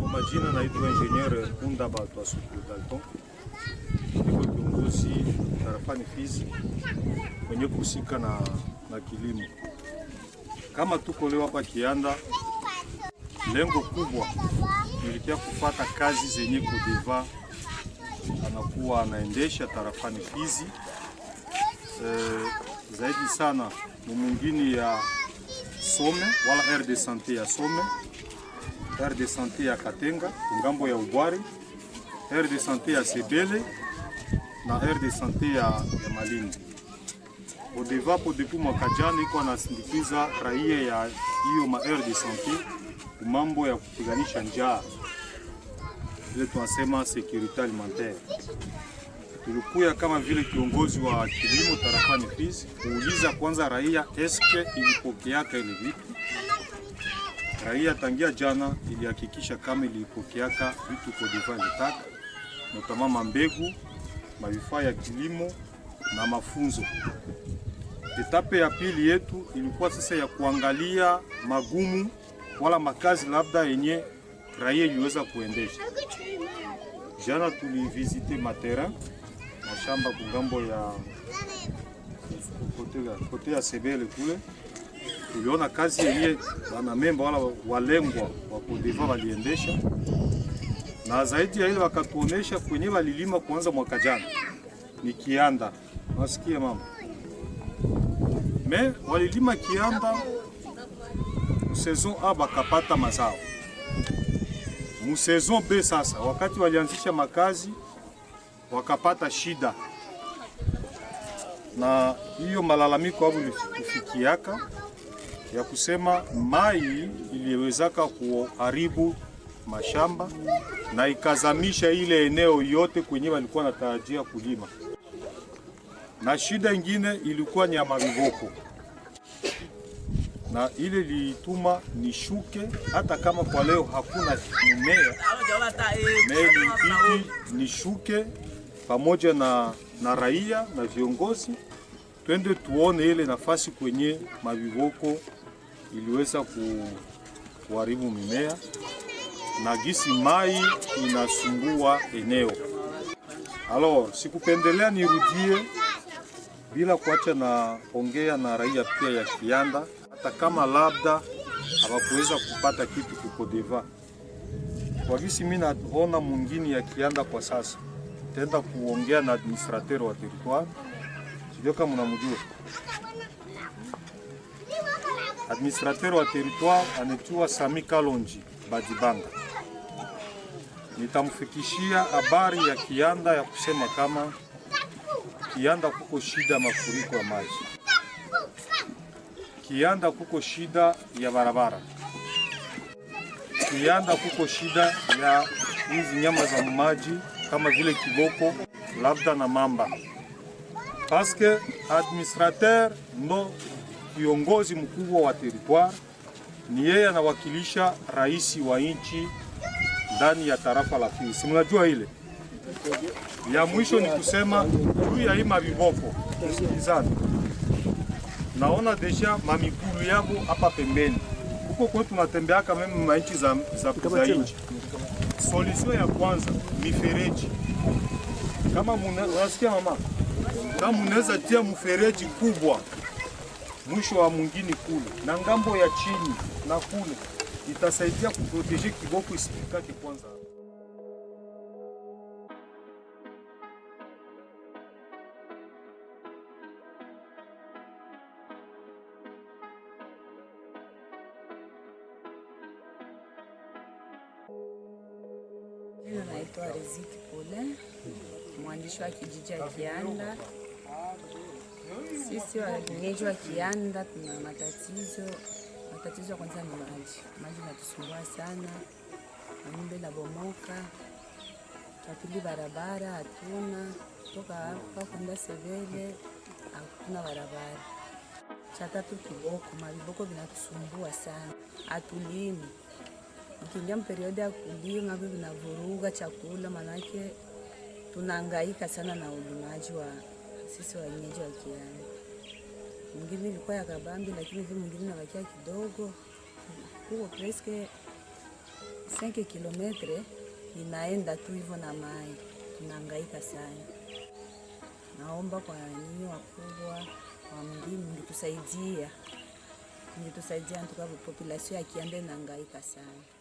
Kwa majina naitwa Engineer Kunda Batwasuku Dalton, niko kiongozi tarafani Fizi kwenye kuhusika na, na kilimo. Kama tuko leo hapa Kianda, lengo kubwa nilikia kufata kazi zenye Kodeva anakuwa anaendesha tarafani Fizi eh, zaidi sana mumungini ya Some wala RD Sante ya Some aire de santé ya Katenga ngambo ya Ubwari, aire de santé ya Sebele na aire de santé ya, ya Malindi. Bodevapo depuis mwaka jana iko anasindikiza raia ya hiyo ma aire de santé mambo ya kupiganisha njaa, vile tunasema sécurité alimentaire. Tulikuya kama vile kiongozi wa kilimo tarafani Fizi kuuliza kwanza raia eske ilipokeaka ile vitu raia tangia jana ilihakikisha kama ilipokeaka vitu litaka notama mambegu mavifaa ya kilimo na mafunzo. Etape ya pili yetu ilikuwa sasa ya kuangalia magumu wala makazi labda yenye raia iliweza kuendesha. Jana tulivizite matera mashamba kungambo ya kote ya Sebele kule tuliona kazi yenye wanamemba wala walengwa wa Kodeva waliendesha, na zaidi ya ile wakatuonesha kwenye walilima kuanza mwaka jana ni kianda. Nasikia mama me walilima kianda msezon A bakapata mazao msezon B. Sasa wakati walianzisha makazi wakapata shida, na hiyo malalamiko ao kufikiaka ya kusema mai iliwezaka kuharibu mashamba na ikazamisha ile eneo yote kwenye walikuwa natarajia kulima, na shida ingine ilikuwa ni ya marivoko, na ile ilituma nishuke. Hata kama kwa leo hakuna mimea mimi nishuke pamoja na, na raia na viongozi, twende tuone ile nafasi kwenye maviboko iliweza kuharibu mimea na gisi mai inasumbua eneo. Alo, sikupendelea nirudie bila kuacha na ongea na raia pia ya Kianda, hata kama labda hawakuweza kupata kitu kukodeva kwa gisi mimi naona mwingine ya Kianda kwa sasa, tenda kuongea na administrateur wa territoire sivyo, kama mnamjua administrateur wa territoire anaitwa Sami Kalonji Badibanga. Nitamfikishia habari ya kianda ya kusema kama kianda kuko shida ya mafuriko ya maji, kianda kuko shida ya barabara, kianda kuko shida ya hizi nyama za maji kama vile kiboko labda na mamba, paske administrateur ndo kiongozi mkubwa wa teritwari, ni yeye anawakilisha rais wa nchi ndani ya tarafa la Fizi. Mnajua ile ya mwisho ni kusema juu ya hii maviboko, Naona desha mamikulu yako hapa pembeni huko kwetu tunatembeaka meme manchi za, za, za nchi. Solution ya kwanza mifereji, kama unasikia mama, kama unaweza tia mfereji kubwa mwisho wa mwingine kule na ngambo ya chini na kule itasaidia kuproteje kiboko isifikake kwanza. Naitwa Riziki Pole, mwandishi wa kijiji cha Kianda. Sisi wenyeji wa Kianda tuna matatizo. Matatizo ya kwanza ni maji, maji natusumbua sana, manyumba la bomoka. Chapili, barabara hatuna, toka hapa kwenda Sevele hakuna barabara. Cha tatu kiboko, maviboko vinatusumbua sana, hatulimi. Ukiingia mperiodi ya kulima vinavuruga chakula, manake tunaangaika sana na ulimaji wa sisi wenyeji wa jirani. Mwingine ilikuwa ya kabambi, lakini hivi mwingine nabakia kidogo huko preske 5 kilometre inaenda tu hivyo na maji, tunahangaika sana. Naomba kwa nini wakubwa wa mdini mlitusaidia, mlitusaidia ntuka populasion ya Kiambe inahangaika sana.